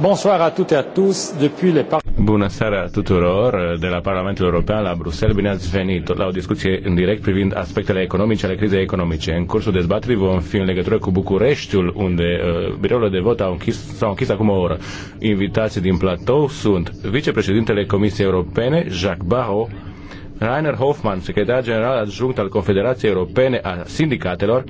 Bună seara tuturor de la Parlamentul European la Bruxelles. Bine ați venit la o discuție în direct privind aspectele economice ale crizei economice. În cursul dezbaterii vom fi în legătură cu Bucureștiul, unde uh, birourile de vot s-au închis acum o oră. Invitații din platou sunt vicepreședintele Comisiei Europene, Jacques Barrot, Rainer Hoffmann, secretar general adjunct al Confederației Europene a Sindicatelor,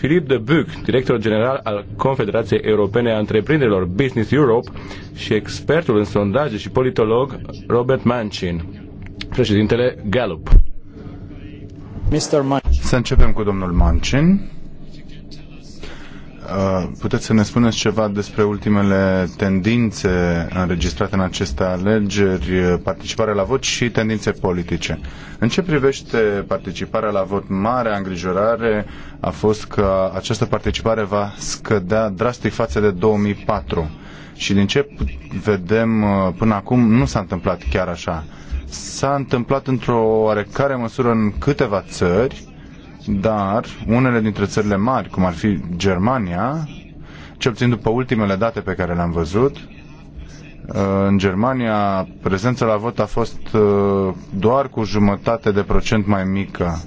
Filip de Buc, director general al Confederației Europene a Întreprinderilor Business Europe și expertul în sondaje și politolog Robert Manchin, președintele Gallup. Mr. Manchin. Să începem cu domnul Manchin. Uh, puteți să ne spuneți ceva despre ultimele tendințe înregistrate în aceste alegeri, participarea la vot și tendințe politice. În ce privește participarea la vot, marea îngrijorare a fost că această participare va scădea drastic față de 2004. Și din ce vedem uh, până acum, nu s-a întâmplat chiar așa. S-a întâmplat într-o oarecare măsură în câteva țări, dar unele dintre țările mari, cum ar fi Germania, ce puțin după ultimele date pe care le-am văzut, uh, în Germania prezența la vot a fost uh, doar cu jumătate de procent mai mică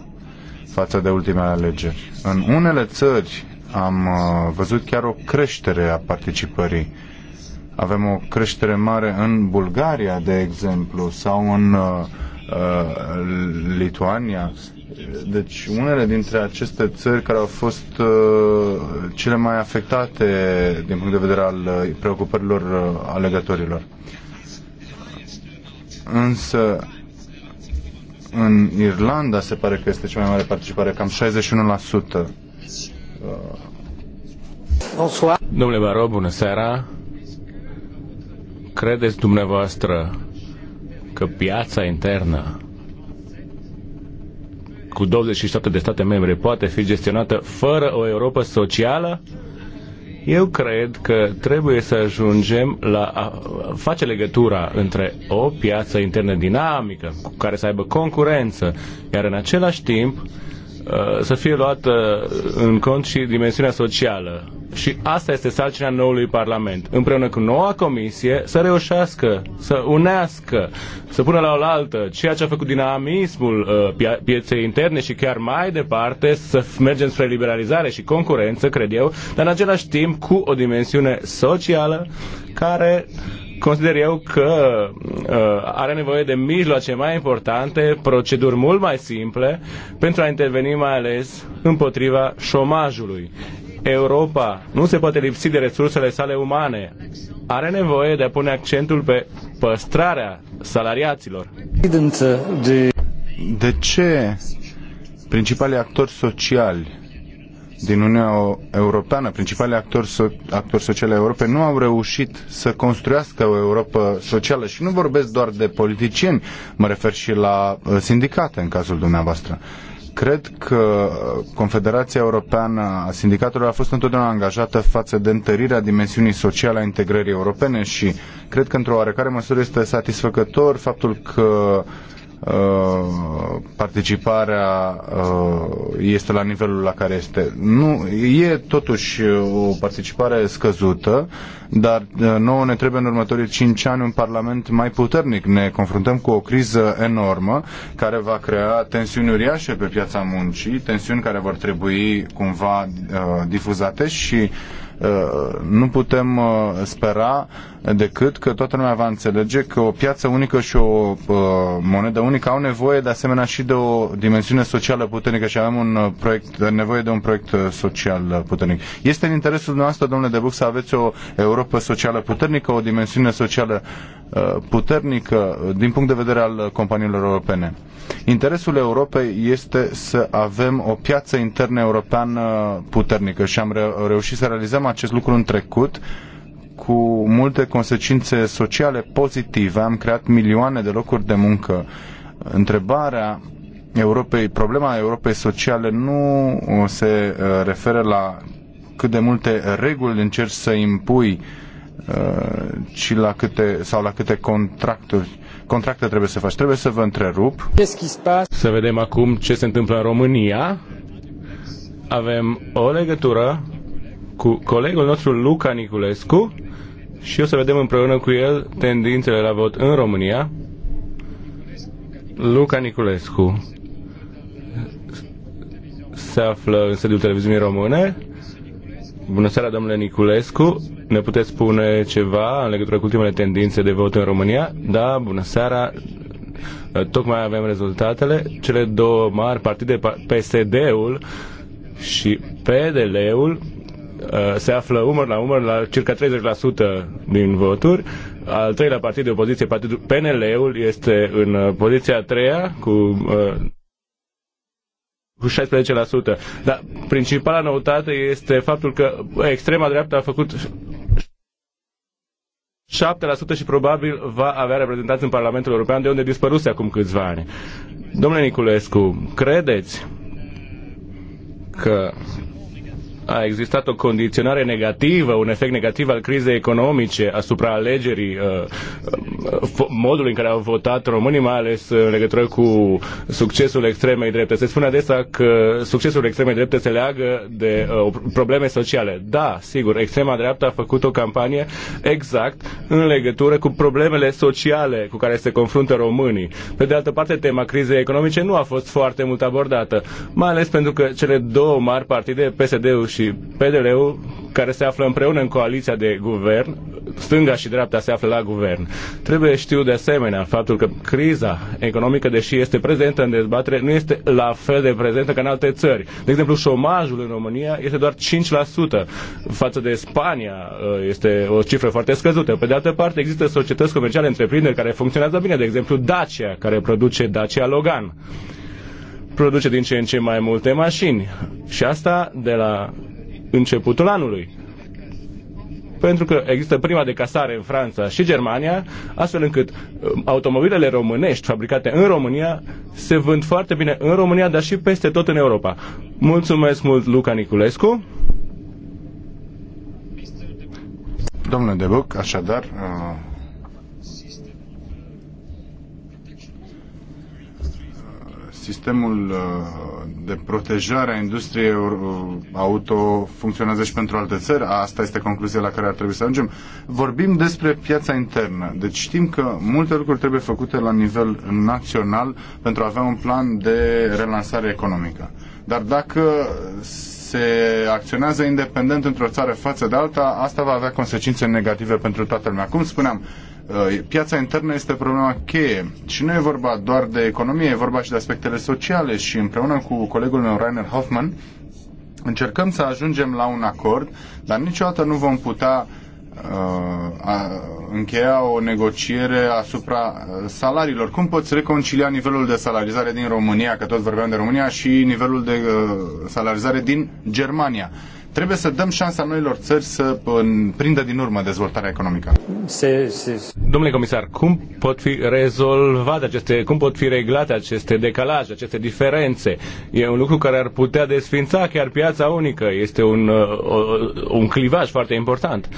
față de ultimele alegeri. În unele țări am uh, văzut chiar o creștere a participării. Avem o creștere mare în Bulgaria, de exemplu, sau în Uh, Lituania. Deci unele dintre aceste țări care au fost uh, cele mai afectate din punct de vedere al uh, preocupărilor alegătorilor. Însă în Irlanda se pare că este cea mai mare participare, cam 61%. Domnule Baro, bună seara! Credeți dumneavoastră că piața internă cu 27 de state membre poate fi gestionată fără o Europa socială? Eu cred că trebuie să ajungem la a face legătura între o piață internă dinamică, cu care să aibă concurență, iar în același timp uh, să fie luată în cont și dimensiunea socială și asta este sarcina noului Parlament. Împreună cu noua comisie să reușească, să unească, să pună la oaltă ceea ce a făcut dinamismul uh, pieței interne și chiar mai departe să mergem spre liberalizare și concurență, cred eu, dar în același timp cu o dimensiune socială care consider eu că uh, are nevoie de mijloace mai importante, proceduri mult mai simple pentru a interveni mai ales împotriva șomajului. Europa nu se poate lipsi de resursele sale umane. Are nevoie de a pune accentul pe păstrarea salariaților. De ce principalii actori sociali din Uniunea Europeană, principalii actori, so- actori sociali ai Europei, nu au reușit să construiască o Europa socială și nu vorbesc doar de politicieni, mă refer și la uh, sindicate în cazul dumneavoastră. Cred că Confederația Europeană a Sindicatelor a fost întotdeauna angajată față de întărirea dimensiunii sociale a integrării europene și cred că într-o oarecare măsură este satisfăcător faptul că Uh, participarea uh, este la nivelul la care este. Nu, e totuși o participare scăzută, dar uh, nouă ne trebuie în următorii cinci ani un Parlament mai puternic. Ne confruntăm cu o criză enormă care va crea tensiuni uriașe pe piața muncii, tensiuni care vor trebui cumva uh, difuzate și uh, nu putem uh, spera decât că toată lumea va înțelege că o piață unică și o monedă unică au nevoie de asemenea și de o dimensiune socială puternică și avem un proiect, nevoie de un proiect social puternic. Este în interesul noastră, domnule Debuc, să aveți o Europa Europa socială puternică, o dimensiune socială uh, puternică uh, din punct de vedere al uh, companiilor europene. Interesul Europei este să avem o piață internă europeană puternică și am reușit să realizăm acest lucru în trecut cu multe consecințe sociale pozitive. Am creat milioane de locuri de muncă. Întrebarea Europei, problema Europei sociale nu se referă la cât de multe reguli încerci să impui și uh, la câte, sau la câte contracturi contracte trebuie să faci. Trebuie să vă întrerup. Să vedem acum ce se întâmplă în România. Avem o legătură cu colegul nostru Luca Niculescu și o să vedem împreună cu el tendințele la vot în România. Luca Niculescu se află în sediul televiziunii române Bună seara, domnule Niculescu. Ne puteți spune ceva în legătură cu ultimele tendințe de vot în România? Da, bună seara. Tocmai avem rezultatele. Cele două mari partide, PSD-ul și PDL-ul, uh, se află umăr la umăr la circa 30% din voturi. Al treilea partid de opoziție, partidul PNL-ul, este în uh, poziția a treia cu uh, cu 16%. Dar principala noutate este faptul că extrema dreaptă a făcut 7% și probabil va avea reprezentanți în Parlamentul European, de unde dispăruse acum câțiva ani. Domnule Niculescu, credeți că a existat o condiționare negativă, un efect negativ al crizei economice asupra alegerii, uh, uh, modului în care au votat românii, mai ales în legătură cu succesul extremei drepte. Se spune adesea că succesul extremei drepte se leagă de uh, probleme sociale. Da, sigur, extrema dreaptă a făcut o campanie exact în legătură cu problemele sociale cu care se confruntă românii. Pe de altă parte, tema crizei economice nu a fost foarte mult abordată, mai ales pentru că cele două mari partide, PSD-ul și PDL-ul, care se află împreună în coaliția de guvern, stânga și dreapta se află la guvern. Trebuie știu de asemenea faptul că criza economică, deși este prezentă în dezbatere, nu este la fel de prezentă ca în alte țări. De exemplu, șomajul în România este doar 5%, față de Spania uh, este o cifră foarte scăzută. Pe de altă parte, există societăți comerciale, întreprinderi care funcționează bine, de exemplu Dacia, care produce Dacia Logan produce din ce în ce mai multe mașini. Și asta de la începutul anului. Pentru că există prima de casare în Franța și Germania, astfel încât um, automobilele românești fabricate în România se vând foarte bine în România, dar și peste tot în Europa. Mulțumesc mult, Luca Niculescu. Domnule Debuc, așadar, uh, sistemul uh, de protejare a industriei uh, auto funcționează și pentru alte țări. Asta este concluzia la care ar trebui să ajungem. Vorbim despre piața internă. Deci știm că multe lucruri trebuie făcute la nivel național pentru a avea un plan de relansare economică. Dar dacă se acționează independent într-o țară față de alta, asta va avea consecințe negative pentru toată lumea. Cum spuneam, uh, piața internă este problema cheie și nu e vorba doar de economie, e vorba și de aspectele sociale și împreună cu colegul meu Rainer Hoffman încercăm să ajungem la un acord, dar niciodată nu vom putea a încheia o negociere asupra salariilor. Cum poți reconcilia nivelul de salarizare din România, că tot vorbeam de România, și nivelul de uh, salarizare din Germania? Trebuie să dăm șansa noilor țări să prindă din urmă dezvoltarea economică. Se, se... Domnule comisar, cum pot fi rezolvate aceste, cum pot fi reglate aceste decalaje, aceste diferențe? E un lucru care ar putea desfința chiar piața unică. Este un, uh, un clivaj foarte important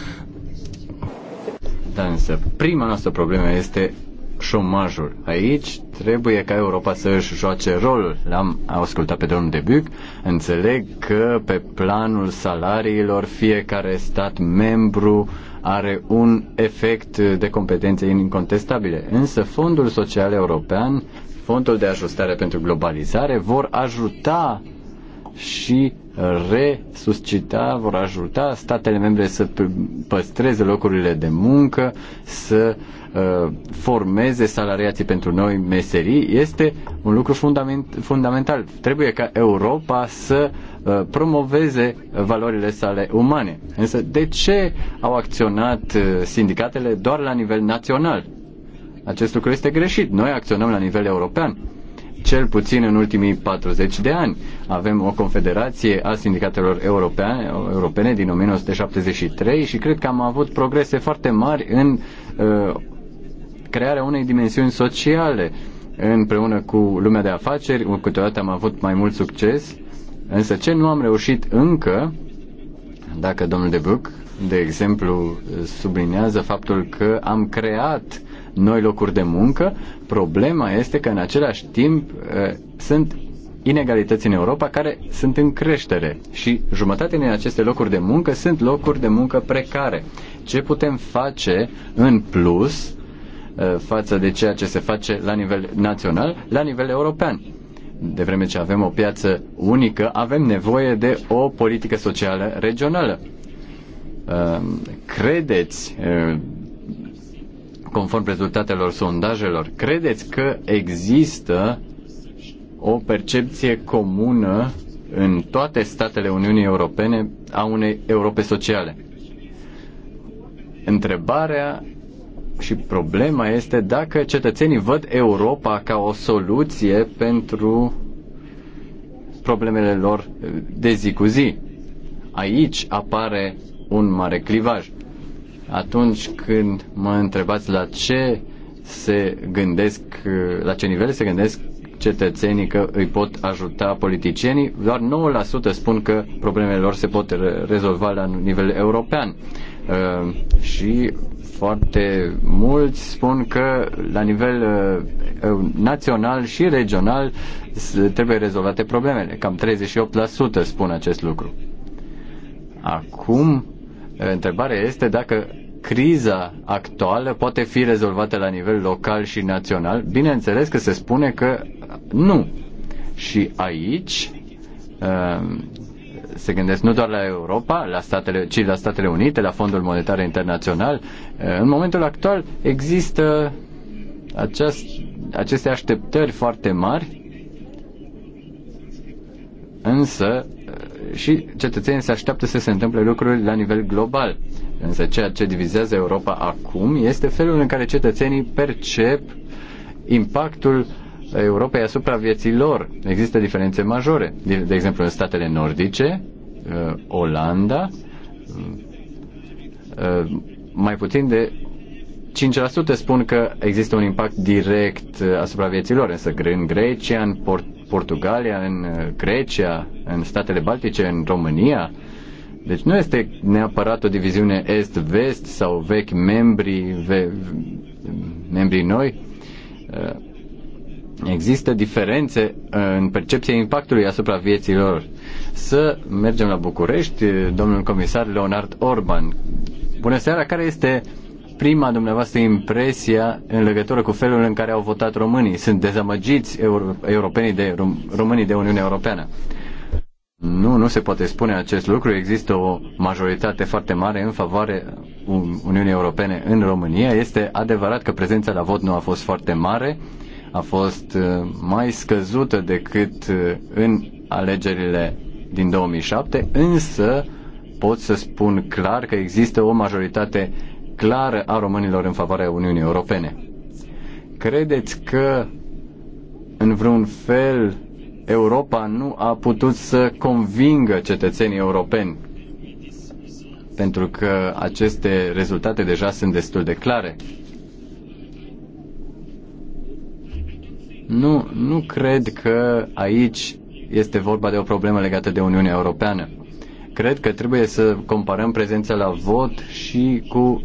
da, însă prima noastră problemă este șomajul. Aici trebuie ca Europa să își joace rolul. L-am ascultat pe domnul Debuc. Înțeleg că pe planul salariilor fiecare stat membru are un efect de competențe incontestabile. Însă Fondul Social European, Fondul de Ajustare pentru Globalizare vor ajuta și resuscita, vor ajuta statele membre să păstreze locurile de muncă, să uh, formeze salariații pentru noi meserii, este un lucru fundament, fundamental. Trebuie ca Europa să uh, promoveze valorile sale umane. Însă de ce au acționat uh, sindicatele doar la nivel național? Acest lucru este greșit. Noi acționăm la nivel european cel puțin în ultimii 40 de ani. Avem o confederație a sindicatelor europeane, europene din 1973 și cred că am avut progrese foarte mari în uh, crearea unei dimensiuni sociale împreună cu lumea de afaceri, câteodată am avut mai mult succes, însă ce nu am reușit încă, dacă domnul de Buc, de exemplu, sublinează faptul că am creat noi locuri de muncă. Problema este că în același timp uh, sunt inegalități în Europa care sunt în creștere și jumătate din aceste locuri de muncă sunt locuri de muncă precare. Ce putem face în plus uh, față de ceea ce se face la nivel național, la nivel european? De vreme ce avem o piață unică, avem nevoie de o politică socială regională uh, credeți conform rezultatelor sondajelor, credeți că există o percepție comună în toate statele Uniunii Europene a unei Europe sociale? Întrebarea și problema este dacă cetățenii văd Europa ca o soluție pentru problemele lor de zi cu zi. Aici apare un mare clivaj atunci când mă întrebați la ce se gândesc, la ce nivel se gândesc cetățenii că îi pot ajuta politicienii, doar 9% spun că problemele lor se pot rezolva la nivel european. Uh, și foarte mulți spun că la nivel uh, uh, național și regional trebuie rezolvate problemele. Cam 38% spun acest lucru. Acum, întrebarea este dacă criza actuală poate fi rezolvată la nivel local și național, bineînțeles că se spune că nu. Și aici um, se gândesc nu doar la Europa, la statele, ci la Statele Unite, la Fondul Monetar Internațional. Uh, în momentul actual există aceast, aceste așteptări foarte mari, însă și cetățenii se așteaptă să se întâmple lucruri la nivel global. Însă ceea ce divizează Europa acum este felul în care cetățenii percep impactul Europei asupra vieții lor. Există diferențe majore. De exemplu, în statele nordice, uh, Olanda, uh, mai puțin de 5% spun că există un impact direct uh, asupra vieților, însă în Grecia, în Port- Portugalia, în uh, Grecia, în statele Baltice, în România. Deci nu este neapărat o diviziune est-vest sau vechi membri, ve, membrii noi. Uh, există diferențe uh, în percepția impactului asupra vieților. Să mergem la București, domnul comisar Leonard Orban. Bună seara, care este uh, prima dumneavoastră impresia în legătură cu felul în care au votat românii? Sunt dezamăgiți euro, europenii de, rom, românii de Uniunea Europeană? Nu, nu se poate spune acest lucru. Există o majoritate foarte mare în favoare Uniunii Europene în România. Este adevărat că prezența la vot nu a fost foarte mare, a fost uh, mai scăzută decât uh, în alegerile din 2007, însă pot să spun clar că există o majoritate clară a românilor în favoarea Uniunii Europene. Credeți că în vreun fel Europa nu a putut să convingă cetățenii europeni pentru că aceste rezultate deja sunt destul de clare. Nu, nu cred că aici este vorba de o problemă legată de Uniunea Europeană cred că trebuie să comparăm prezența la vot și cu uh,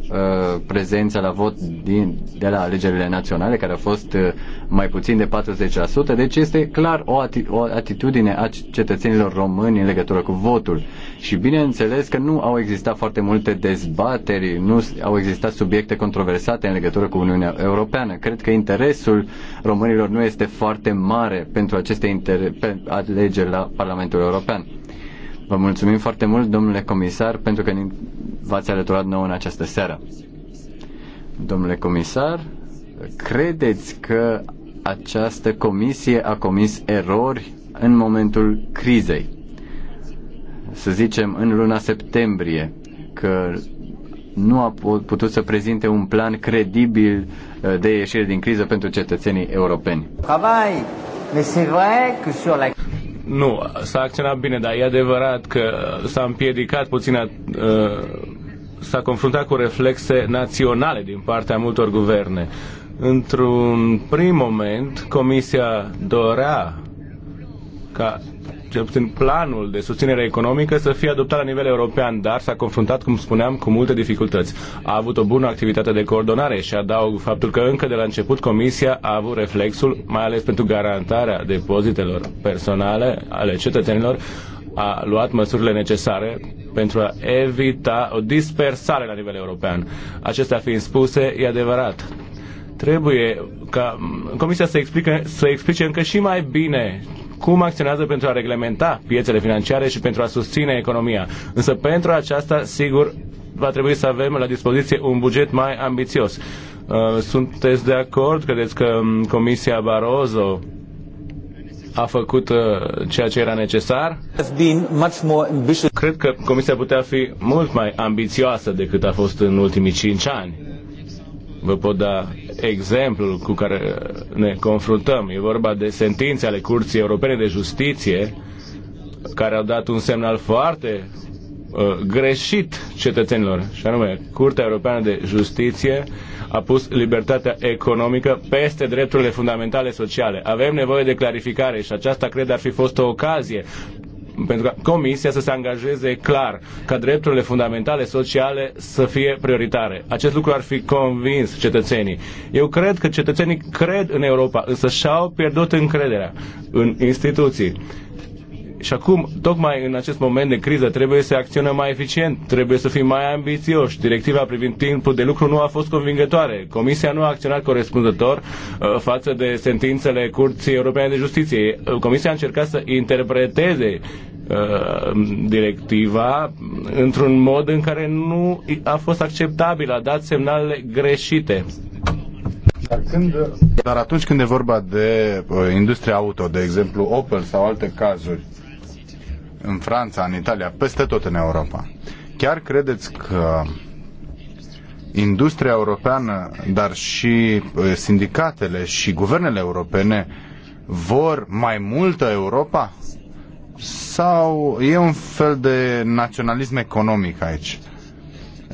prezența la vot din, de la alegerile naționale, care a fost uh, mai puțin de 40%, deci este clar o, ati- o atitudine a cetățenilor români în legătură cu votul. Și bineînțeles că nu au existat foarte multe dezbateri, nu au existat subiecte controversate în legătură cu Uniunea Europeană. Cred că interesul românilor nu este foarte mare pentru aceste inter- alegeri la Parlamentul European. Vă mulțumim foarte mult, domnule comisar, pentru că v-ați alăturat nouă în această seară. Domnule comisar, credeți că această comisie a comis erori în momentul crizei? Să zicem, în luna septembrie, că nu a putut să prezinte un plan credibil uh, de ieșire din criză pentru cetățenii europeni. Nu, s-a acționat bine, dar e adevărat că s-a împiedicat puțin, uh, s-a confruntat cu reflexe naționale din partea multor guverne. Într-un prim moment, Comisia dorea ca cel puțin planul de susținere economică să fie adoptat la nivel european, dar s-a confruntat, cum spuneam, cu multe dificultăți. A avut o bună activitate de coordonare și adaug faptul că încă de la început Comisia a avut reflexul, mai ales pentru garantarea depozitelor personale ale cetățenilor, a luat măsurile necesare pentru a evita o dispersare la nivel european. Acestea fiind spuse, e adevărat. Trebuie ca Comisia să, explice, să explice încă și mai bine cum acționează pentru a reglementa piețele financiare și pentru a susține economia. Însă pentru aceasta, sigur, va trebui să avem la dispoziție un buget mai ambițios. Uh, sunteți de acord? Credeți că um, Comisia Barroso a făcut uh, ceea ce era necesar? Cred că Comisia putea fi mult mai ambițioasă decât a fost în ultimii cinci ani Vă pot da exemplul cu care ne confruntăm. E vorba de sentințe ale Curții Europene de Justiție care au dat un semnal foarte uh, greșit cetățenilor. Și anume, Curtea Europeană de Justiție a pus libertatea economică peste drepturile fundamentale sociale. Avem nevoie de clarificare și aceasta cred ar fi fost o ocazie pentru ca Comisia să se angajeze clar ca drepturile fundamentale sociale să fie prioritare. Acest lucru ar fi convins cetățenii. Eu cred că cetățenii cred în Europa, însă și-au pierdut încrederea în instituții. Și acum, tocmai în acest moment de criză, trebuie să acționăm mai eficient, trebuie să fim mai ambițioși. Directiva privind timpul de lucru nu a fost convingătoare. Comisia nu a acționat corespunzător uh, față de sentințele Curții Europene de Justiție. Comisia a încercat să interpreteze Uh, directiva într-un mod în care nu a fost acceptabil, a dat semnale greșite. Dar, când, dar atunci când e vorba de uh, industria auto, de exemplu Opel sau alte cazuri, în Franța, în Italia, peste tot în Europa, chiar credeți că industria europeană, dar și uh, sindicatele și guvernele europene vor mai multă Europa? sau e un fel de naționalism economic aici?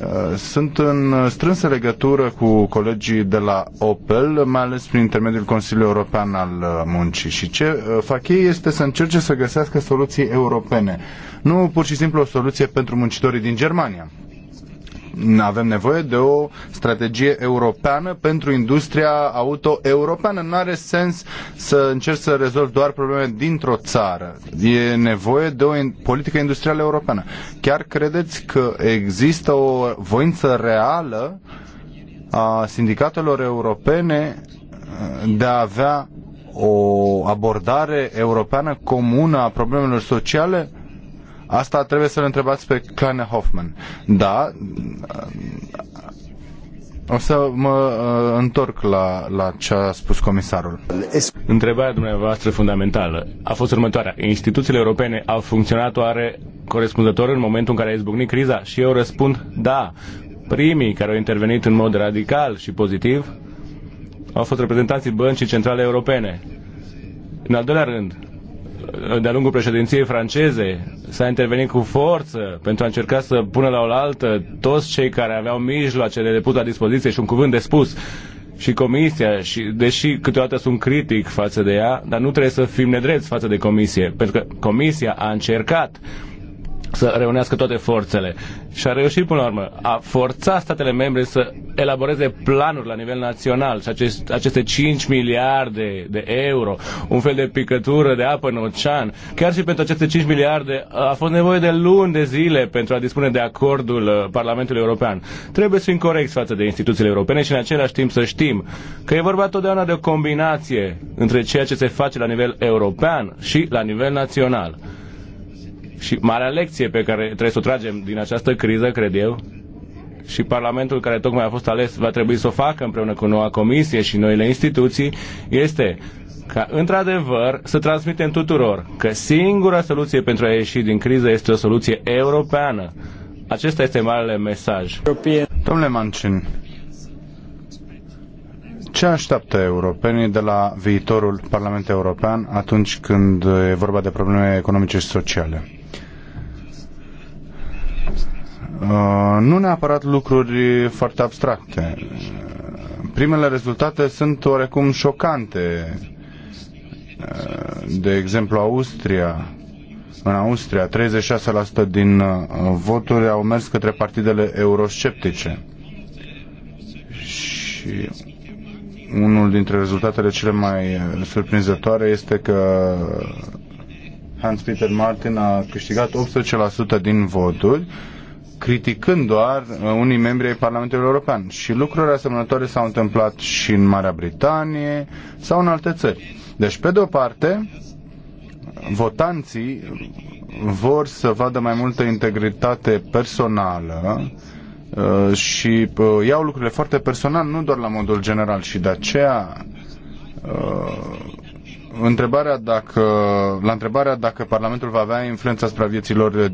Uh, sunt în strânsă legătură cu colegii de la Opel, mai ales prin intermediul Consiliului European al uh, Muncii. Și ce uh, fac ei este să încerce să găsească soluții europene. Nu pur și simplu o soluție pentru muncitorii din Germania avem nevoie de o strategie europeană pentru industria auto europeană. Nu are sens să încerci să rezolvi doar probleme dintr-o țară. E nevoie de o politică industrială europeană. Chiar credeți că există o voință reală a sindicatelor europene uh, de a avea o abordare europeană comună a problemelor sociale? Asta trebuie să-l întrebați pe Kleine Hoffman. Da, o să mă uh, întorc la, la ce a spus comisarul. Întrebarea dumneavoastră fundamentală a fost următoarea. Instituțiile europene au funcționat oare corespunzător în momentul în care a izbucnit criza? Și eu răspund da. Primii care au intervenit în mod radical și pozitiv au fost reprezentanții băncii centrale europene. În al doilea rând, de-a lungul președinției franceze s-a intervenit cu forță pentru a încerca să pună la oaltă toți cei care aveau mijloacele de pus la dispoziție și un cuvânt de spus și comisia, și, deși câteodată sunt critic față de ea, dar nu trebuie să fim nedrepti față de comisie, pentru că comisia a încercat uh, să reunească toate forțele. Și a reușit până la urmă. A forța statele membre să elaboreze planuri la nivel național și acest, aceste 5 miliarde de euro, un fel de picătură de apă în ocean. Chiar și pentru aceste 5 miliarde a fost nevoie de luni de zile pentru a dispune de acordul uh, Parlamentului European. Trebuie să fim corecți față de instituțiile europene și în același timp să știm că e vorba totdeauna de o combinație între ceea ce se face la nivel european și la nivel național. Și marea lecție pe care trebuie să o tragem din această criză, cred eu, și Parlamentul care tocmai a fost ales va trebui să o facă împreună cu noua comisie și noile instituții, este ca într-adevăr să transmitem tuturor că singura soluție pentru a ieși din criză este o soluție europeană. Acesta este marele mesaj. Domnule Mancin, ce așteaptă europenii de la viitorul Parlament European atunci când e vorba de probleme economice și sociale? Uh, nu neapărat lucruri foarte abstracte. Primele rezultate sunt oarecum șocante. Uh, de exemplu, Austria. În Austria, 36% din uh, voturi au mers către partidele eurosceptice. Și unul dintre rezultatele cele mai surprinzătoare este că Hans-Peter Martin a câștigat 18% din voturi criticând doar uh, unii membri ai Parlamentului European. Și lucruri asemănătoare s-au întâmplat și în Marea Britanie sau în alte țări. Deci, pe de o parte, votanții vor să vadă mai multă integritate personală uh, și uh, iau lucrurile foarte personal, nu doar la modul general. Și de aceea întrebarea dacă, la întrebarea dacă Parlamentul va avea influența asupra vieților uh,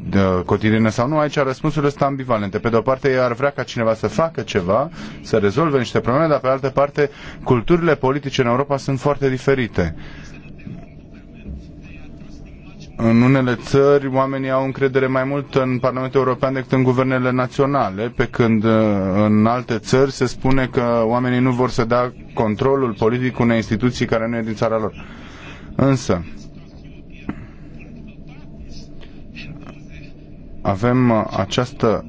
cotidiene sau nu, aici răspunsul este ambivalente. Pe de o parte, ar vrea ca cineva să facă ceva, să rezolve niște probleme, dar pe altă parte, culturile politice în Europa sunt foarte diferite în unele țări oamenii au încredere mai mult în Parlamentul European decât în guvernele naționale, pe când uh, în alte țări se spune că oamenii nu vor să dea controlul politic unei instituții care nu e din țara lor. Însă, avem uh, această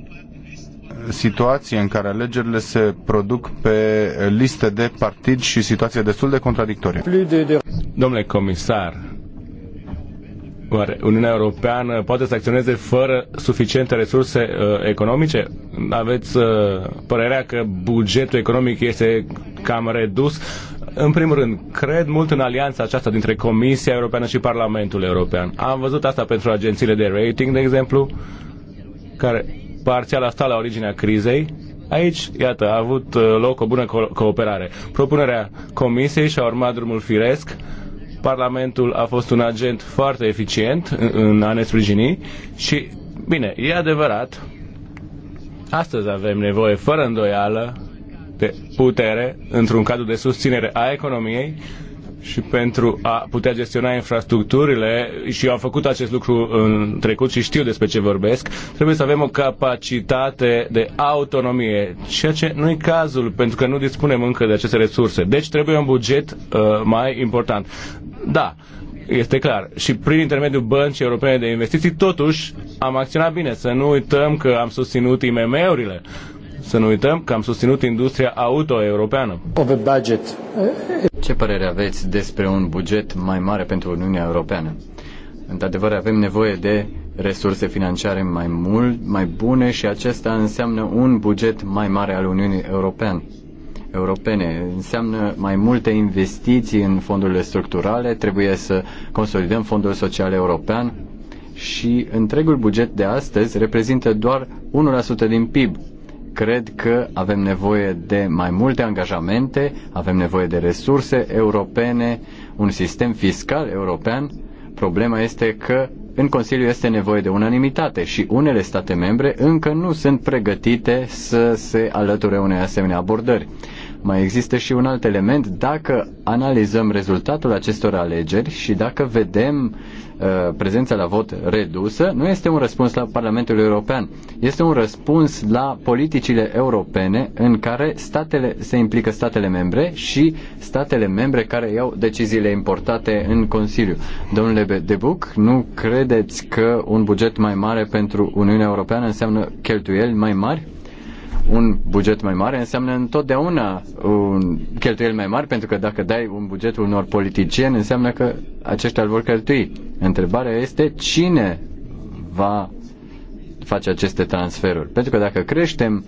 situație în care alegerile se produc pe liste de partid și situație destul de contradictorie. Domnule comisar, oare Uniunea Europeană poate să acționeze fără suficiente resurse uh, economice? Aveți uh, părerea că bugetul economic este cam redus? În primul rând, cred mult în alianța aceasta dintre Comisia Europeană și Parlamentul European. Am văzut asta pentru agențiile de rating, de exemplu, care parțial a stat la originea crizei. Aici, iată, a avut uh, loc o bună co- cooperare. Propunerea Comisiei și-a urmat drumul firesc. Parlamentul a fost un agent foarte eficient în, în a ne sprijini și, bine, e adevărat, astăzi avem nevoie, fără îndoială, de putere într-un cadru de susținere a economiei și pentru a putea gestiona infrastructurile, și eu am făcut acest lucru în trecut și știu despre ce vorbesc, trebuie să avem o capacitate de autonomie, ceea ce nu e cazul, pentru că nu dispunem încă de aceste resurse. Deci trebuie un buget uh, mai important. Da, este clar. Și prin intermediul băncii europene de investiții, totuși, am acționat bine. Să nu uităm că am susținut IMM-urile. Uh, să nu uităm că am susținut industria auto-europeană. budget. Ce părere aveți despre un buget mai mare pentru Uniunea Europeană? Într-adevăr, avem nevoie de resurse financiare mai mult, mai bune și acesta înseamnă un buget mai mare al Uniunii Europeane. Europene. Înseamnă mai multe investiții în fondurile structurale, trebuie să consolidăm fondul social european și întregul buget de astăzi reprezintă doar 1% din PIB, cred că avem nevoie de mai multe angajamente, avem nevoie de resurse europene, un sistem fiscal european. Problema este că în Consiliu este nevoie de unanimitate și unele state membre încă nu sunt pregătite să se alăture unei asemenea abordări. Mai există și un alt element. Dacă analizăm rezultatul acestor alegeri și dacă vedem uh, prezența la vot redusă, nu este un răspuns la Parlamentul European. Este un răspuns la politicile europene în care statele, se implică statele membre și statele membre care iau deciziile importate în Consiliu. Domnule Debuc, nu credeți că un buget mai mare pentru Uniunea Europeană înseamnă cheltuieli mai mari? un buget mai mare înseamnă întotdeauna un uh, cheltuieli mai mari, pentru că dacă dai un buget unor politicieni, înseamnă că aceștia îl vor cheltui. Întrebarea este cine va face aceste transferuri. Pentru că dacă creștem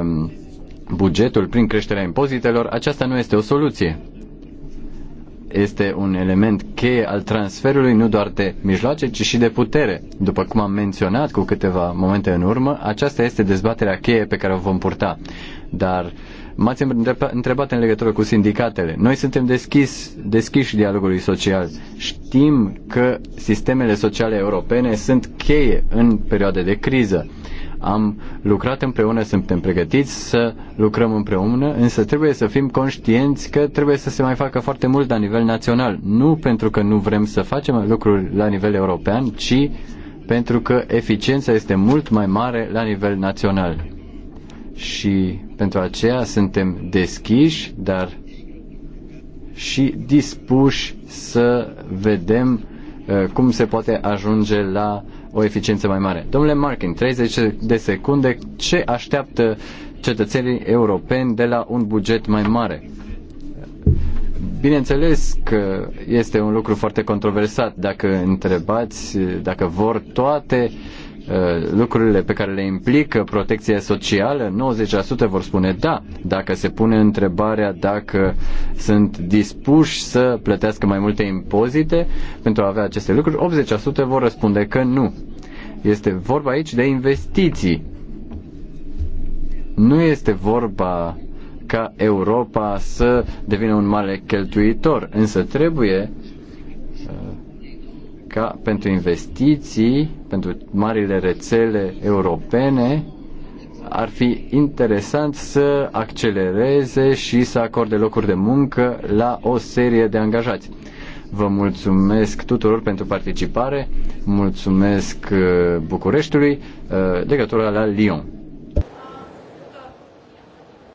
um, bugetul prin creșterea impozitelor, aceasta nu este o soluție este un element cheie al transferului nu doar de mijloace, ci și de putere. După cum am menționat cu câteva momente în urmă, aceasta este dezbaterea cheie pe care o vom purta. Dar m-ați întrebat în legătură cu sindicatele. Noi suntem deschis, deschiși dialogului social. Știm că sistemele sociale europene sunt cheie în perioade de criză am lucrat împreună, suntem pregătiți să lucrăm împreună, însă trebuie să fim conștienți că trebuie să se mai facă foarte mult la nivel național. Nu pentru că nu vrem să facem lucruri la nivel european, ci pentru că eficiența este mult mai mare la nivel național. Și pentru aceea suntem deschiși, dar și dispuși să vedem uh, cum se poate ajunge la o eficiență mai mare. Domnule Markin, 30 de secunde, ce așteaptă cetățenii europeni de la un buget mai mare? Bineînțeles că este un lucru foarte controversat. Dacă întrebați dacă vor toate uh, Uh, lucrurile pe care le implică protecția socială, 90% vor spune da, dacă se pune întrebarea dacă sunt dispuși să plătească mai multe impozite pentru a avea aceste lucruri, 80% vor răspunde că nu. Este vorba aici de investiții. Nu este vorba ca Europa să devină un mare cheltuitor, însă trebuie uh, ca pentru investiții pentru marile rețele europene, ar fi interesant să accelereze și să acorde locuri de muncă la o serie de angajați. Vă mulțumesc tuturor pentru participare, mulțumesc uh, Bucureștiului, uh, legătura la Lyon.